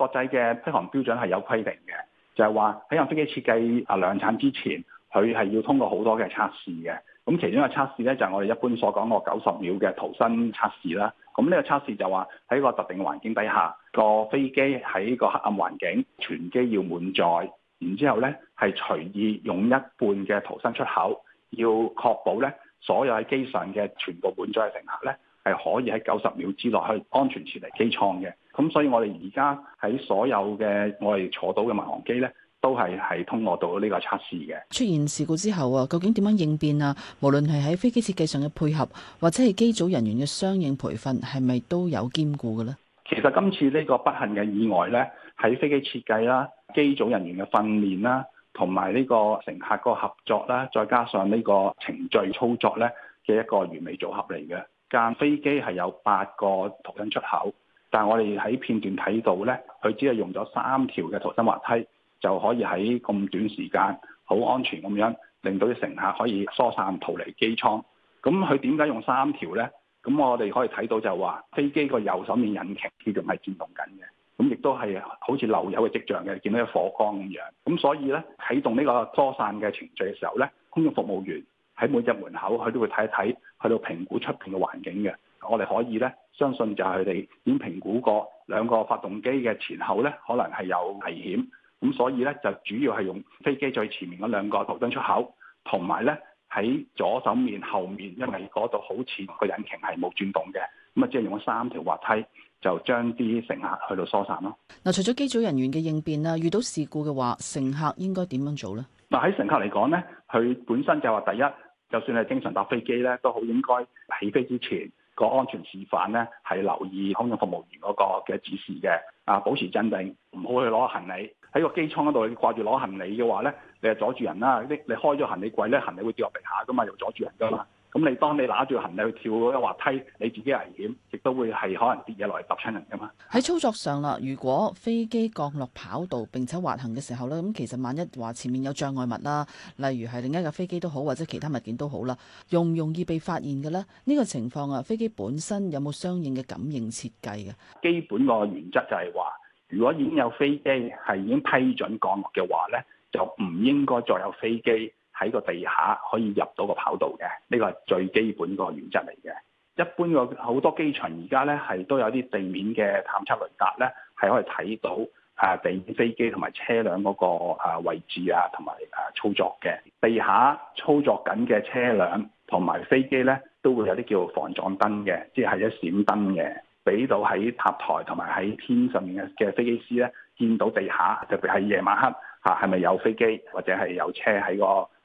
國際嘅飛航標準係有規定嘅，就係話喺架飛機設計啊量產之前，佢係要通過好多嘅測試嘅。咁其中一個測試呢，就係我哋一般所講個九十秒嘅逃生測試啦。咁呢個測試就話喺個特定環境底下，個飛機喺個黑暗環境，全機要滿載，然之後呢，係隨意用一半嘅逃生出口，要確保呢所有喺機上嘅全部滿載嘅乘客呢，係可以喺九十秒之內去安全撤離機艙嘅，咁所以我哋而家喺所有嘅我哋坐到嘅民航機呢，都係係通過到呢個測試嘅。出現事故之後啊，究竟點樣應變啊？無論係喺飛機設計上嘅配合，或者係機組人員嘅相應培訓，係咪都有兼顧嘅呢？其實今次呢個不幸嘅意外呢，喺飛機設計啦、機組人員嘅訓練啦、同埋呢個乘客個合作啦，再加上呢個程序操作呢嘅一個完美組合嚟嘅。架飛機係有八個逃生出口，但係我哋喺片段睇到呢佢只係用咗三條嘅逃生滑梯就可以喺咁短時間好安全咁樣，令到啲乘客可以疏散逃離機艙。咁佢點解用三條呢？咁我哋可以睇到就話飛機個右手面引擎仲係轉動緊嘅，咁亦都係好似漏油嘅跡象嘅，見到有火光咁樣。咁所以呢，啟動呢個疏散嘅程序嘅時候呢，空服務員。喺每隻門口，佢都會睇一睇，去到評估出邊嘅環境嘅。我哋可以咧，相信就係佢哋已經評估過兩個發動機嘅前後咧，可能係有危險。咁所以咧，就主要係用飛機最前面嗰兩個逃生出口，同埋咧喺左手面後面，因為嗰度好似個引擎係冇轉動嘅。咁啊，即係用咗三條滑梯就將啲乘客去到疏散咯。嗱，除咗機組人員嘅應變啊，遇到事故嘅話，乘客應該點樣做咧？嗱，喺乘客嚟講咧，佢本身就係話第一。就算係經常搭飛機咧，都好應該起飛之前個安全示範咧，係留意空中服務員嗰個嘅指示嘅。啊，保持鎮定，唔好去攞行李。喺個機艙嗰度，你掛住攞行李嘅話咧，你係阻住人啦。你你開咗行李櫃咧，行李會掉落地下噶嘛，又阻住人㗎嘛。咁你當你拿住行李去跳嗰個滑梯，你自己危險，亦都會係可能跌嘢落嚟揼親人噶嘛？喺操作上啦，如果飛機降落跑道並且滑行嘅時候咧，咁其實萬一話前面有障礙物啦，例如係另一架飛機都好，或者其他物件都好啦，容唔容易被發現嘅咧？呢個情況啊，飛機本身有冇相應嘅感應設計嘅？基本個原則就係話，如果已經有飛機係已經批准降落嘅話咧，就唔應該再有飛機。喺個地下可以入到個跑道嘅，呢個係最基本個原則嚟嘅。一般個好多機場而家呢，係都有啲地面嘅探測雷達呢係可以睇到啊地面飛機同埋車輛嗰個啊位置啊同埋啊操作嘅。地下操作緊嘅車輛同埋飛機呢，都會有啲叫防撞燈嘅，即係一閃燈嘅，俾到喺塔台同埋喺天上面嘅飛機師呢，見到地下，特別係夜晚黑嚇係咪有飛機或者係有車喺個。